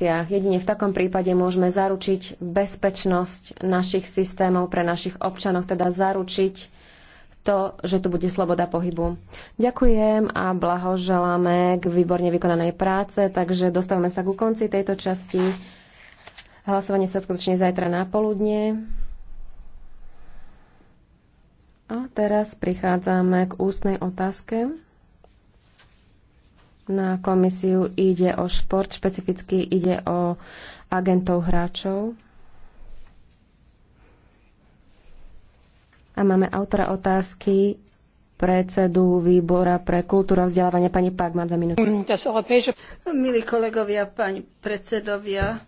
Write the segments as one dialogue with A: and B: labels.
A: investíciách. Jedine v takom prípade môžeme zaručiť bezpečnosť našich systémov pre našich občanov, teda zaručiť to, že tu bude sloboda pohybu. Ďakujem a blahoželáme k výborne vykonanej práce, takže dostávame sa ku konci tejto časti. Hlasovanie sa skutočne zajtra na poludne. A teraz prichádzame k ústnej otázke na komisiu ide o šport, špecificky ide o agentov hráčov. A máme autora otázky predsedu výbora pre kultúru a vzdelávanie. Pani Pák, má dve minúty.
B: Milí kolegovia, pani predsedovia,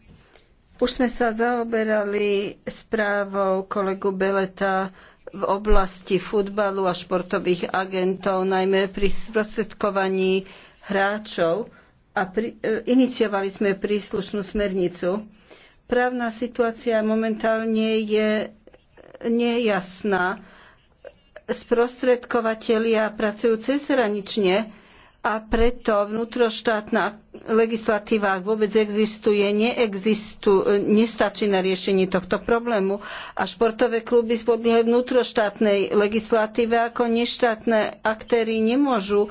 B: už sme sa zaoberali správou kolegu Beleta v oblasti futbalu a športových agentov, najmä pri sprostredkovaní hráčov a pri, e, iniciovali sme príslušnú smernicu. Právna situácia momentálne je nejasná. Sprostredkovatelia pracujú cezhranične a preto vnútroštátna legislatíva, ak vôbec existuje, neexistu, nestačí na riešenie tohto problému. A športové kluby spodliehajú vnútroštátnej legislatíve, ako neštátne aktéry nemôžu e,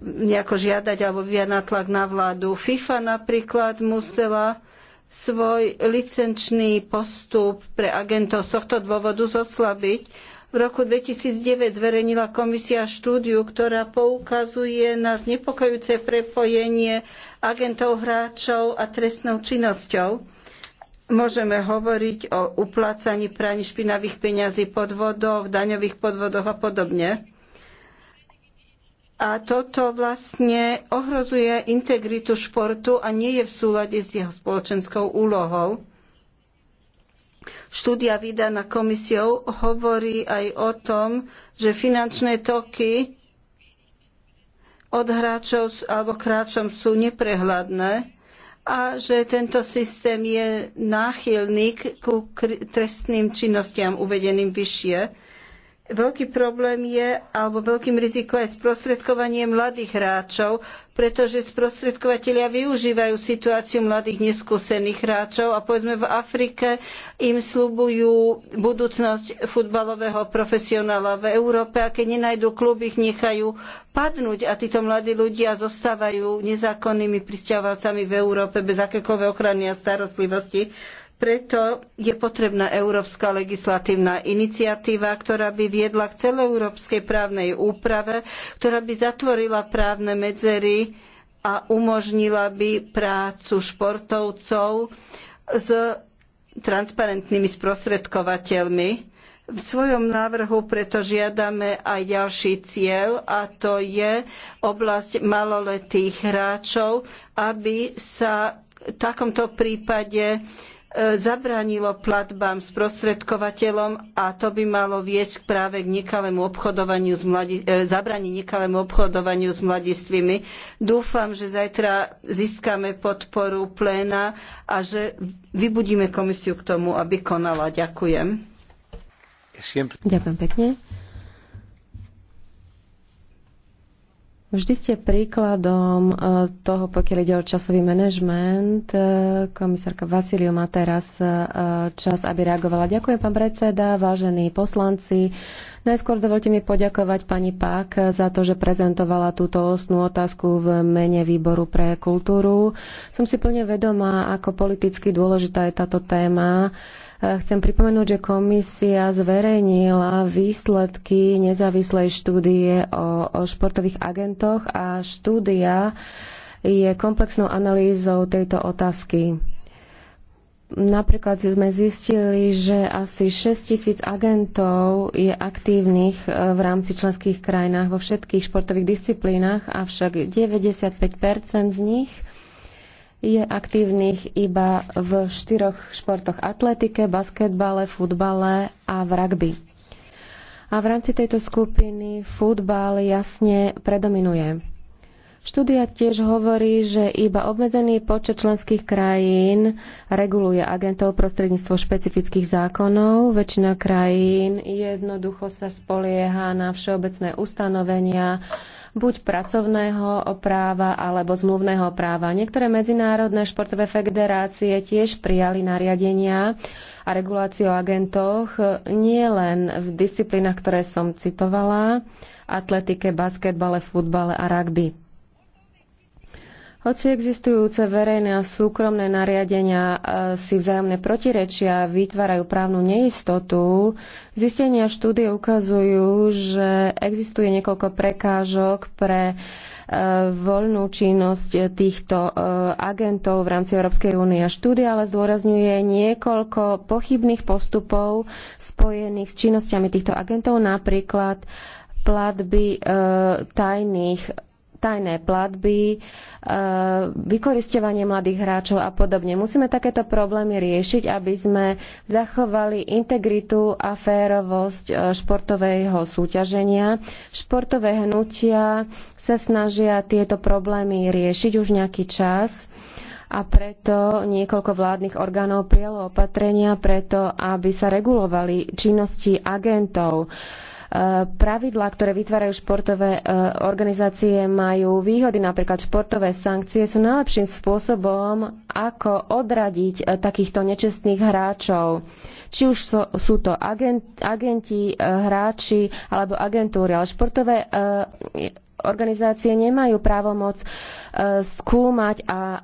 B: nejako žiadať alebo vyvíjať nátlak na vládu. FIFA napríklad musela svoj licenčný postup pre agentov z tohto dôvodu zoslabiť v roku 2009 zverejnila komisia štúdiu, ktorá poukazuje na znepokojujúce prepojenie agentov, hráčov a trestnou činnosťou. Môžeme hovoriť o uplácaní praní špinavých peňazí podvodov, daňových podvodoch a podobne. A toto vlastne ohrozuje integritu športu a nie je v súlade s jeho spoločenskou úlohou. Štúdia vydaná komisiou hovorí aj o tom, že finančné toky od hráčov alebo kráčom sú neprehľadné a že tento systém je náchylný ku trestným činnostiam uvedeným vyššie. Veľký problém je, alebo veľkým rizikom je sprostredkovanie mladých hráčov, pretože sprostredkovateľia využívajú situáciu mladých neskúsených hráčov a povedzme v Afrike im slubujú budúcnosť futbalového profesionála v Európe a keď nenajdu klub, ich nechajú padnúť a títo mladí ľudia zostávajú nezákonnými pristahovalcami v Európe bez akékoľvek ochrany a starostlivosti. Preto je potrebná európska legislatívna iniciatíva, ktorá by viedla k celoeurópskej právnej úprave, ktorá by zatvorila právne medzery a umožnila by prácu športovcov s transparentnými sprostredkovateľmi. V svojom návrhu preto žiadame aj ďalší cieľ a to je oblasť maloletých hráčov, aby sa v takomto prípade E, zabránilo platbám sprostredkovateľom a to by malo viesť práve k nekalému obchodovaniu s mladí, e, nekalému obchodovaniu s mladistvými. Dúfam, že zajtra získame podporu pléna a že vybudíme komisiu k tomu, aby konala. Ďakujem.
A: Ďakujem pekne. Vždy ste príkladom e, toho, pokiaľ ide o časový manažment. E, komisárka Vasiliu má teraz e, čas, aby reagovala. Ďakujem, pán predseda, vážení poslanci. Najskôr dovolte mi poďakovať pani Pak za to, že prezentovala túto osnú otázku v mene Výboru pre kultúru. Som si plne vedomá, ako politicky dôležitá je táto téma Chcem pripomenúť, že komisia zverejnila výsledky nezávislej štúdie o, o športových agentoch a štúdia je komplexnou analýzou tejto otázky. Napríklad sme zistili, že asi 6 tisíc agentov je aktívnych e, v rámci členských krajinách vo všetkých športových disciplínach, avšak 95 z nich je aktívnych iba v štyroch športoch atletike, basketbale, futbale a v rugby. A v rámci tejto skupiny futbal jasne predominuje. Štúdia tiež hovorí, že iba obmedzený počet členských krajín reguluje agentov prostredníctvo špecifických zákonov. Väčšina krajín jednoducho sa spolieha na všeobecné ustanovenia, buď pracovného práva alebo zmluvného práva. Niektoré medzinárodné športové federácie tiež prijali nariadenia a reguláciu o agentoch nie len v disciplínach, ktoré som citovala, atletike, basketbale, futbale a rugby. Hoci existujúce verejné a súkromné nariadenia e, si vzájomne protirečia, vytvárajú právnu neistotu, zistenia štúdie ukazujú, že existuje niekoľko prekážok pre e, voľnú činnosť týchto e, agentov v rámci Európskej únie. Štúdia ale zdôrazňuje niekoľko pochybných postupov spojených s činnosťami týchto agentov, napríklad platby tajných tajné platby, e, vykoristovanie mladých hráčov a podobne. Musíme takéto problémy riešiť, aby sme zachovali integritu a férovosť e, športového súťaženia. Športové hnutia sa snažia tieto problémy riešiť už nejaký čas a preto niekoľko vládnych orgánov prijalo opatrenia preto, aby sa regulovali činnosti agentov. Uh, E, pravidlá, ktoré vytvárajú športové e, organizácie, majú výhody, napríklad športové sankcie sú najlepším spôsobom, ako odradiť e, takýchto nečestných hráčov. Či už sú, sú to agent, agenti, hráči alebo agentúry, ale športové organizácie nemajú právomoc e, skúmať a e,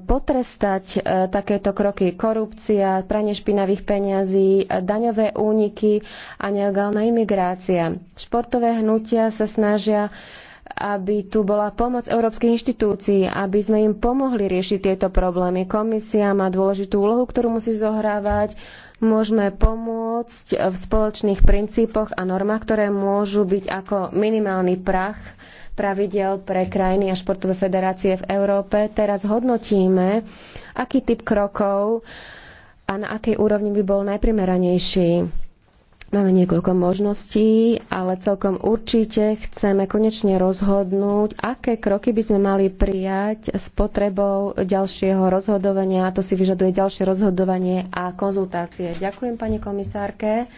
A: potrestať e, takéto kroky. Korupcia, pranie špinavých peňazí, daňové úniky a nelegálna imigrácia. Športové hnutia sa snažia aby tu bola pomoc európskych inštitúcií, aby sme im pomohli riešiť tieto problémy. Komisia má dôležitú úlohu, ktorú musí zohrávať môžeme pomôcť v spoločných princípoch a normách, ktoré môžu byť ako minimálny prach pravidel pre krajiny a športové federácie v Európe. Teraz hodnotíme, aký typ krokov a na akej úrovni by bol najprimeranejší Máme niekoľko možností, ale celkom určite chceme konečne rozhodnúť, aké kroky by sme mali prijať s potrebou ďalšieho rozhodovania. To si vyžaduje ďalšie rozhodovanie a konzultácie. Ďakujem pani komisárke.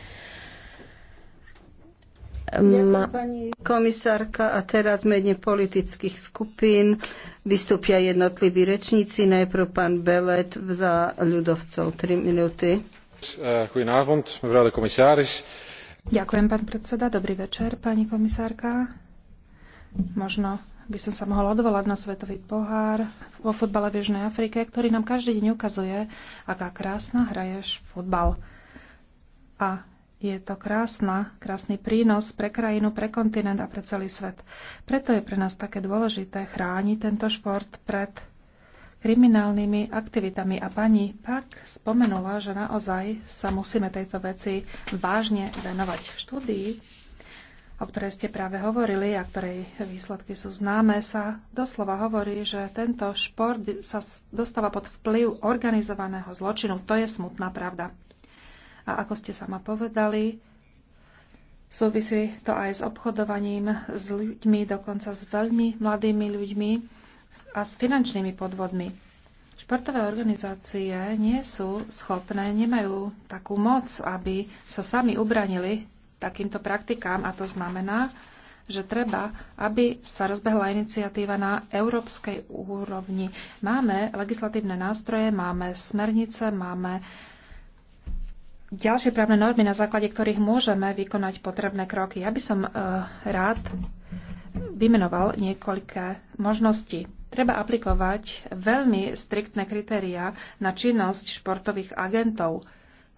A: Ďakujem,
B: pani komisárka. A teraz mene politických skupín vystúpia jednotliví rečníci. Najprv pán Belet za ľudovcov 3 minúty. Eh, Ďakujem, pán predseda. Dobrý večer, pani komisárka.
C: Možno by som sa mohol odvolať na svetový pohár vo futbale v Južnej Afrike, ktorý nám každý deň ukazuje, aká krásna hraješ futbal. A je to krásna, krásny prínos pre krajinu, pre kontinent a pre celý svet. Preto je pre nás také dôležité chrániť tento šport pred kriminálnymi aktivitami. A pani Pak spomenula, že naozaj sa musíme tejto veci vážne venovať. V štúdii, o ktorej ste práve hovorili a ktorej výsledky sú známe, sa doslova hovorí, že tento šport sa dostáva pod vplyv organizovaného zločinu. To je smutná pravda. A ako ste sama povedali, súvisí to aj s obchodovaním s ľuďmi, dokonca s veľmi mladými ľuďmi a s finančnými podvodmi. Športové organizácie nie sú schopné, nemajú takú moc, aby sa sami ubranili takýmto praktikám a to znamená, že treba, aby sa rozbehla iniciatíva na európskej úrovni. Máme legislatívne nástroje, máme smernice, máme ďalšie právne normy, na základe ktorých môžeme vykonať potrebné kroky. Ja by som uh, rád vymenoval niekoľké možnosti. Treba aplikovať veľmi striktné kritériá na činnosť športových agentov.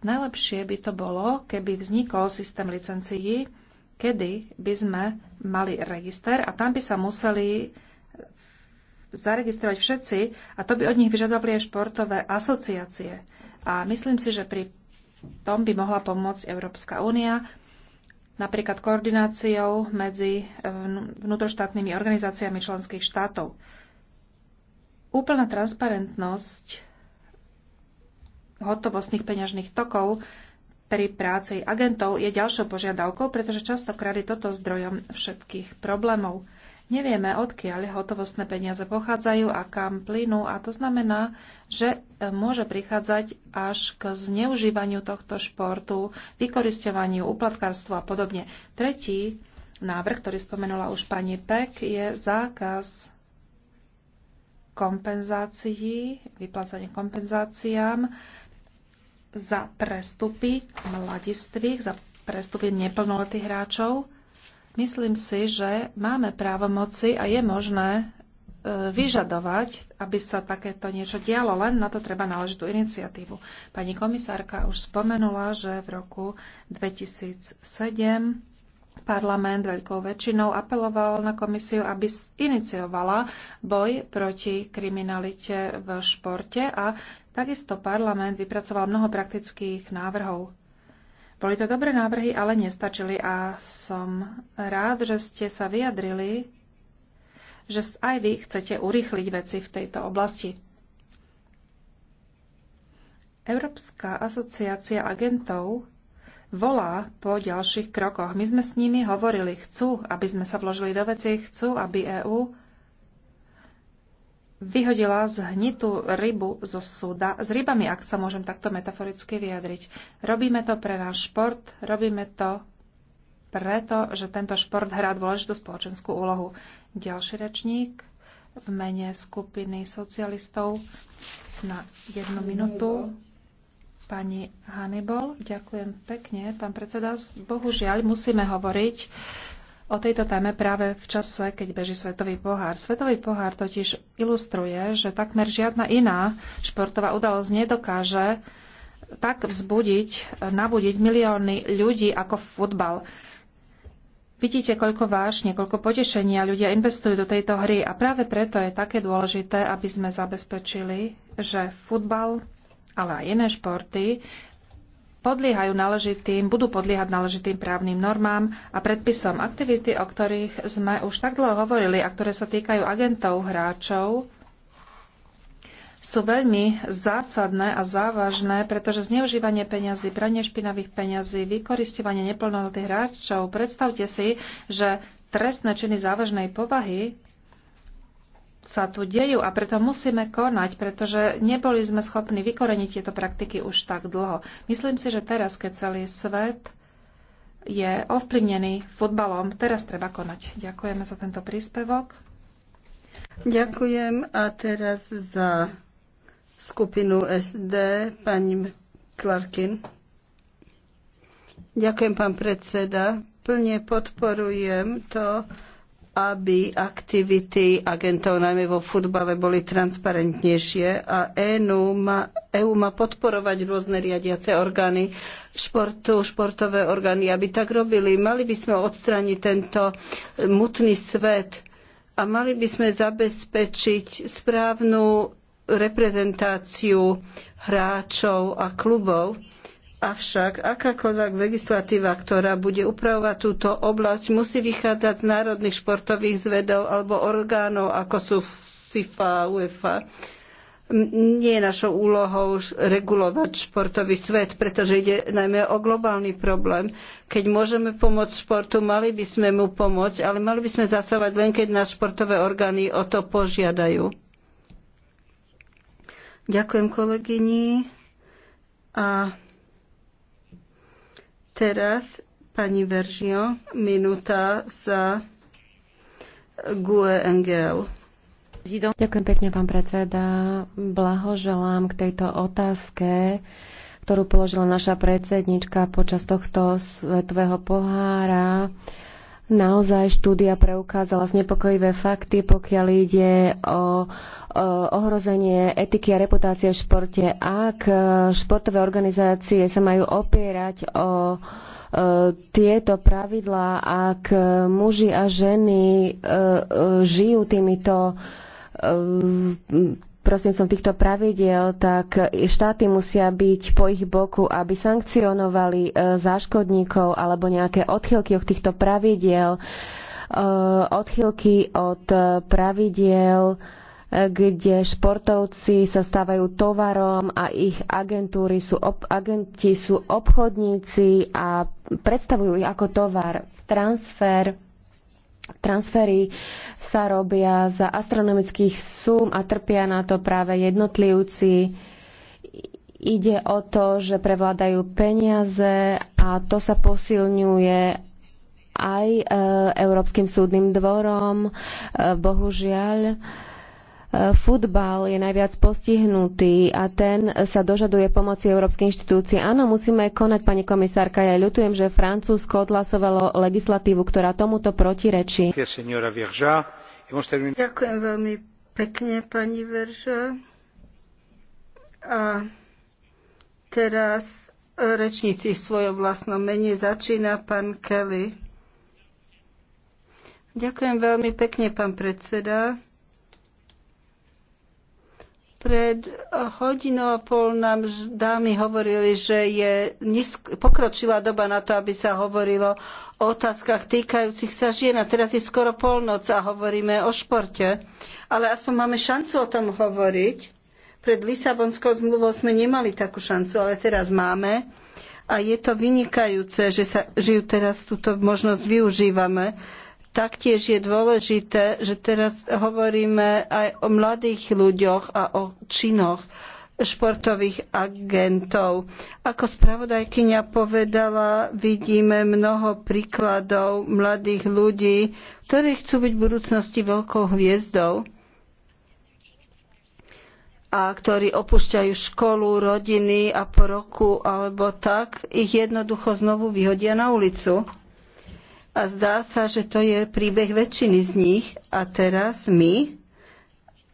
C: Najlepšie by to bolo, keby vznikol systém licencií, kedy by sme mali register a tam by sa museli zaregistrovať všetci a to by od nich vyžadovali aj športové asociácie. A myslím si, že pri tom by mohla pomôcť Európska únia, napríklad koordináciou medzi vnútroštátnymi organizáciami členských štátov. Úplná transparentnosť hotovostných peňažných tokov pri práci agentov je ďalšou požiadavkou, pretože častokrát je toto zdrojom všetkých problémov. Nevieme, odkiaľ hotovostné peniaze pochádzajú a kam plynú a to znamená, že e, môže prichádzať až k zneužívaniu tohto športu, vykoristovaniu, uplatkárstvu a podobne. Tretí návrh, ktorý spomenula už pani Pek, je zákaz kompenzácií, vyplácanie kompenzáciám za prestupy mladistvých, za prestupy neplnoletých hráčov. Myslím si, že máme právomoci a je možné e, vyžadovať, aby sa takéto niečo dialo, len na to treba náležitú iniciatívu. Pani komisárka už spomenula, že v roku 2007 parlament veľkou väčšinou apeloval na komisiu, aby iniciovala boj proti kriminalite v športe a takisto parlament vypracoval mnoho praktických návrhov. Boli to dobré návrhy, ale nestačili a som rád, že ste sa vyjadrili, že aj vy chcete urýchliť veci v tejto oblasti. Európska asociácia agentov volá po ďalších krokoch. My sme s nimi hovorili, chcú, aby sme sa vložili do veci, chcú, aby EÚ vyhodila zhnitú rybu zo súda s rybami, ak sa môžem takto metaforicky vyjadriť. Robíme to pre náš šport, robíme to preto, že tento šport hrá dôležitú spoločenskú úlohu. Ďalší rečník v mene skupiny socialistov na jednu minútu. Pani Hannibal, ďakujem pekne. Pán predseda, bohužiaľ musíme hovoriť o tejto téme práve v čase, keď beží Svetový pohár. Svetový pohár totiž ilustruje, že takmer žiadna iná športová udalosť nedokáže tak vzbudiť, nabudiť milióny ľudí ako futbal. Vidíte, koľko vášne, koľko potešenia ľudia investujú do tejto hry a práve preto je také dôležité, aby sme zabezpečili, že futbal ale aj iné športy podliehajú náležitým, budú podliehať náležitým právnym normám a predpisom aktivity, o ktorých sme už tak dlho hovorili a ktoré sa týkajú agentov, hráčov, sú veľmi zásadné a závažné, pretože zneužívanie peňazí, pranie špinavých peňazí, vykoristovanie neplnoletých hráčov, predstavte si, že trestné činy závažnej povahy sa tu dejú a preto musíme konať, pretože neboli sme schopní vykoreniť tieto praktiky už tak dlho. Myslím si, že teraz, keď celý svet je ovplyvnený futbalom, teraz treba konať. Ďakujeme za tento príspevok.
B: Ďakujem a teraz za skupinu SD pani Clarkin. Ďakujem, pán predseda. Plne podporujem to, aby aktivity agentov najmä vo futbale boli transparentnejšie a ENU má, EU má podporovať rôzne riadiace orgány športu, športové orgány, aby tak robili. Mali by sme odstrániť tento mutný svet a mali by sme zabezpečiť správnu reprezentáciu hráčov a klubov Avšak akákoľvek legislatíva, ktorá bude upravovať túto oblasť, musí vychádzať z národných športových zvedov alebo orgánov, ako sú FIFA, UEFA. Nie je našou úlohou regulovať športový svet, pretože ide najmä o globálny problém. Keď môžeme pomôcť športu, mali by sme mu pomôcť, ale mali by sme zasávať len, keď nás športové orgány o to požiadajú. Ďakujem kolegyni. A Teraz pani Veržio, minúta za GUE NGL.
A: Ďakujem pekne, pán predseda. Blahoželám k tejto otázke, ktorú položila naša predsednička počas tohto svetového pohára Naozaj štúdia preukázala znepokojivé fakty, pokiaľ ide o ohrozenie etiky a reputácie v športe. Ak e, športové organizácie sa majú opierať o e, tieto pravidlá, ak e, muži a ženy žijú týmito prostredníctvom týchto pravidiel, tak štáty musia byť po ich boku, aby sankcionovali e, záškodníkov alebo nejaké odchylky od týchto pravidiel, e, odchylky od e, pravidiel, kde športovci sa stávajú tovarom a ich agentúry sú ob, agenti sú obchodníci a predstavujú ich ako tovar. Transfer Transfery sa robia za astronomických súm a trpia na to práve jednotlivci. Ide o to, že prevládajú peniaze a to sa posilňuje aj e, Európskym súdnym dvorom. E, bohužiaľ, futbal je najviac postihnutý a ten sa dožaduje pomoci Európskej inštitúcie. Áno, musíme konať, pani komisárka. Ja ľutujem, že Francúzsko odhlasovalo legislatívu, ktorá tomuto protirečí.
C: Ďakujem
B: veľmi pekne, pani Verža. A teraz rečníci v svojom vlastnom mene začína pán Kelly. Ďakujem veľmi pekne, pán predseda. Pred hodinou a pol nám dámy hovorili, že je pokročila doba na to, aby sa hovorilo o otázkach týkajúcich sa žien. A teraz je skoro polnoc a hovoríme o športe. Ale aspoň máme šancu o tom hovoriť. Pred Lisabonskou zmluvou sme nemali takú šancu, ale teraz máme. A je to vynikajúce, že, sa, ju teraz túto možnosť využívame Taktiež je dôležité, že teraz hovoríme aj o mladých ľuďoch a o činoch športových agentov. Ako spravodajkyňa povedala, vidíme mnoho príkladov mladých ľudí, ktorí chcú byť v budúcnosti veľkou hviezdou a ktorí opúšťajú školu, rodiny a po roku alebo tak, ich jednoducho znovu vyhodia na ulicu a zdá sa, že to je príbeh väčšiny z nich a teraz my,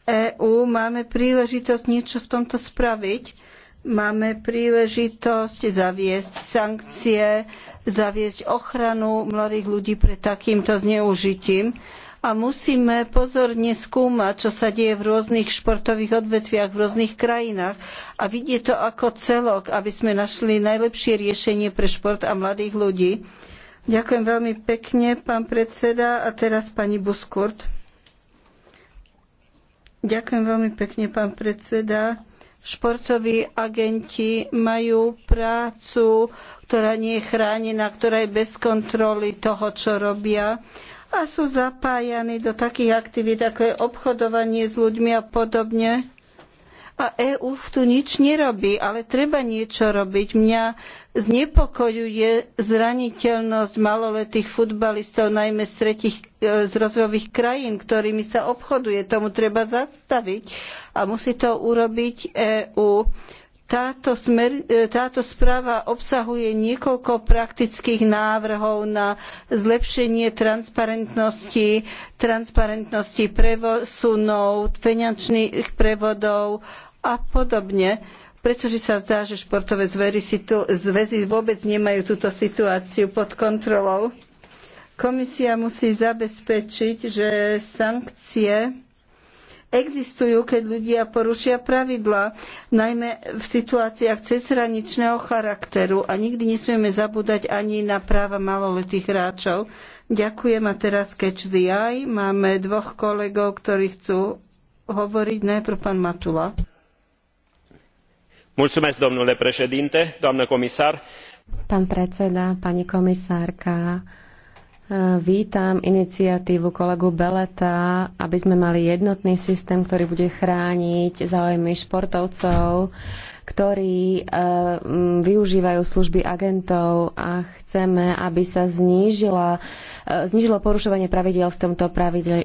B: EÚ, máme príležitosť niečo v tomto spraviť. Máme príležitosť zaviesť sankcie, zaviesť ochranu mladých ľudí pred takýmto zneužitím a musíme pozorne skúmať, čo sa deje v rôznych športových odvetviach, v rôznych krajinách a vidieť to ako celok, aby sme našli najlepšie riešenie pre šport a mladých ľudí. Ďakujem veľmi pekne, pán predseda. A teraz pani Buskurt. Ďakujem veľmi pekne, pán predseda. Športoví agenti majú prácu, ktorá nie je chránená, ktorá je bez kontroly toho, čo robia a sú zapájani do takých aktivít, ako je obchodovanie s ľuďmi a podobne. A EÚ tu nič nerobí, ale treba niečo robiť. Mňa znepokojuje zraniteľnosť maloletých futbalistov, najmä z tretich e, z rozvojových krajín, ktorými sa obchoduje. Tomu treba zastaviť a musí to urobiť EÚ. Táto, smer, e, táto, správa obsahuje niekoľko praktických návrhov na zlepšenie transparentnosti, transparentnosti presunov, finančných prevodov a podobne, pretože sa zdá, že športové situ, zväzy vôbec nemajú túto situáciu pod kontrolou. Komisia musí zabezpečiť, že sankcie existujú, keď ľudia porušia pravidlá, najmä v situáciách cezhraničného charakteru a nikdy nesmieme zabúdať ani na práva maloletých hráčov. Ďakujem a teraz catch the eye. Máme dvoch kolegov, ktorí chcú hovoriť. Najprv pán Matula.
A: Pán predseda, pani komisárka, eh, vítam iniciatívu kolegu Beleta, aby sme mali jednotný systém, ktorý bude chrániť záujmy športovcov, ktorí eh, využívajú služby agentov a chceme, aby sa eh, znížilo porušovanie pravidel v tomto, pravidel,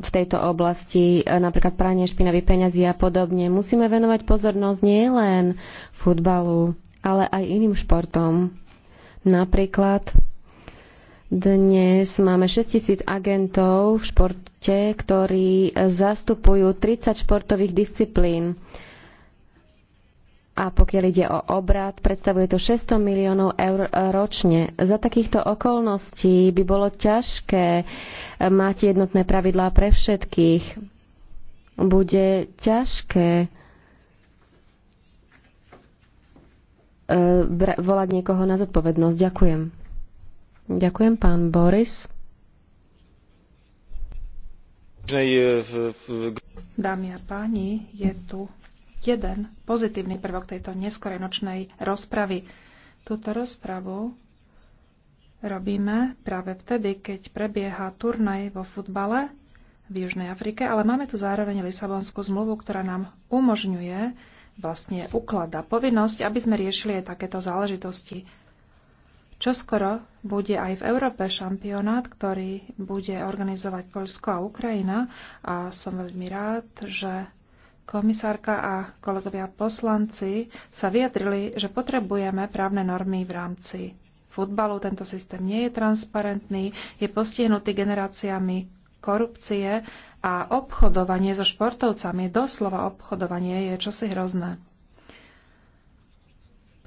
A: v tejto oblasti, e, napríklad pranie špinavých peňazí a podobne. Musíme venovať pozornosť nielen futbalu, ale aj iným športom. Napríklad dnes máme 6000 agentov v športe, ktorí zastupujú 30 športových disciplín a pokiaľ ide o obrad, predstavuje to 600 miliónov eur ročne. Za takýchto okolností by bolo ťažké eh, mať jednotné pravidlá pre všetkých. Bude ťažké eh, volať niekoho na zodpovednosť. Ďakujem. Ďakujem, pán Boris.
C: Dámy a páni, je tu jeden pozitívny prvok tejto neskorej nočnej rozpravy. Túto rozpravu robíme práve vtedy, keď prebieha turnaj vo futbale v Južnej Afrike, ale máme tu zároveň Lisabonskú zmluvu, ktorá nám umožňuje, vlastne uklada povinnosť, aby sme riešili aj takéto záležitosti. Čo skoro bude aj v Európe šampionát, ktorý bude organizovať Poľsko a Ukrajina a som veľmi rád, že Komisárka a kolegovia poslanci sa vyjadrili, že potrebujeme právne normy v rámci futbalu. Tento systém nie je transparentný, je postihnutý generáciami korupcie a obchodovanie so športovcami, doslova obchodovanie je čosi hrozné.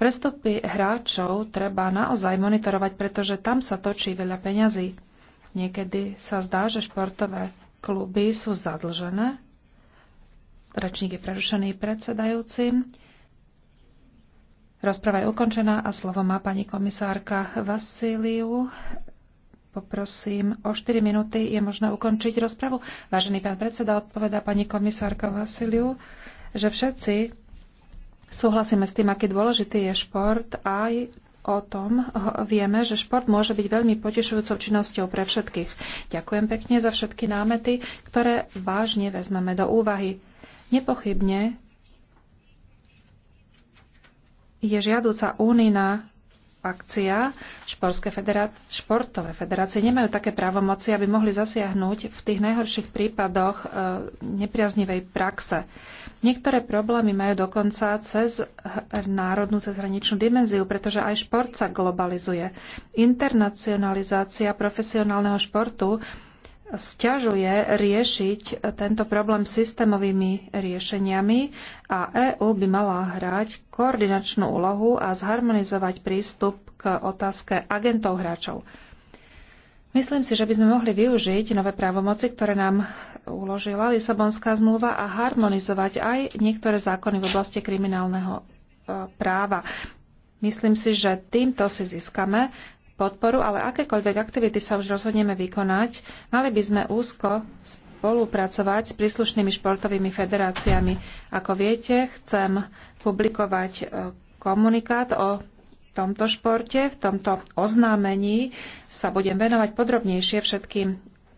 C: Prestupy hráčov treba naozaj monitorovať, pretože tam sa točí veľa peňazí. Niekedy sa zdá, že športové kluby sú zadlžené Rečník je prerušený predsedajúci. Rozprava je ukončená a slovo má pani komisárka Vasiliu. Poprosím, o 4 minúty je možné ukončiť rozpravu. Vážený pán predseda, odpovedá pani komisárka Vasiliu, že všetci súhlasíme s tým, aký dôležitý je šport aj o tom vieme, že šport môže byť veľmi potešujúcou činnosťou pre všetkých. Ďakujem pekne za všetky námety, ktoré vážne vezmeme do úvahy. Nepochybne je žiaduca únina akcia. Športské federácie, športové federácie nemajú také právomoci, aby mohli zasiahnuť v tých najhorších prípadoch e, nepriaznivej praxe. Niektoré problémy majú dokonca cez národnú, cez hraničnú dimenziu, pretože aj šport sa globalizuje. Internacionalizácia profesionálneho športu sťažuje riešiť tento problém systémovými riešeniami a EÚ by mala hrať koordinačnú úlohu a zharmonizovať prístup k otázke agentov hráčov. Myslím si, že by sme mohli využiť nové právomoci, ktoré nám uložila Lisabonská zmluva a harmonizovať aj niektoré zákony v oblasti kriminálneho e, práva. Myslím si, že týmto si získame podporu, ale akékoľvek aktivity sa už rozhodneme vykonať, mali by sme úzko spolupracovať s príslušnými športovými federáciami. Ako viete, chcem publikovať e, komunikát o tomto športe, v tomto oznámení sa budem venovať podrobnejšie všetkým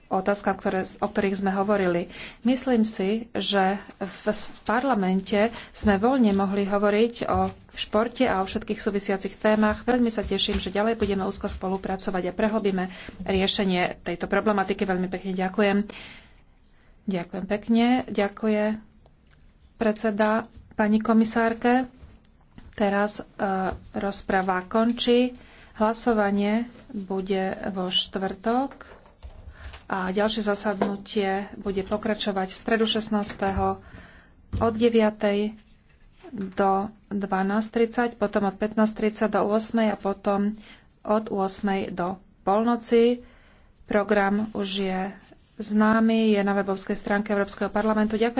C: otázkam, ktoré, o ktorých sme hovorili. Myslím si, že v parlamente sme voľne mohli hovoriť o športe a o všetkých súvisiacich témach. Veľmi sa teším, že ďalej budeme úzko spolupracovať a prehlbíme riešenie tejto problematiky. Veľmi pekne ďakujem. Ďakujem pekne. Ďakujem predseda pani komisárke. Teraz e, rozpráva končí. Hlasovanie bude vo štvrtok a ďalšie zasadnutie bude pokračovať v stredu 16. od 9. do 12.30, potom od 15.30 do 8.00 a potom od 8.00 do polnoci. Program už je známy, je na webovskej stránke Európskeho parlamentu. Ďakujem.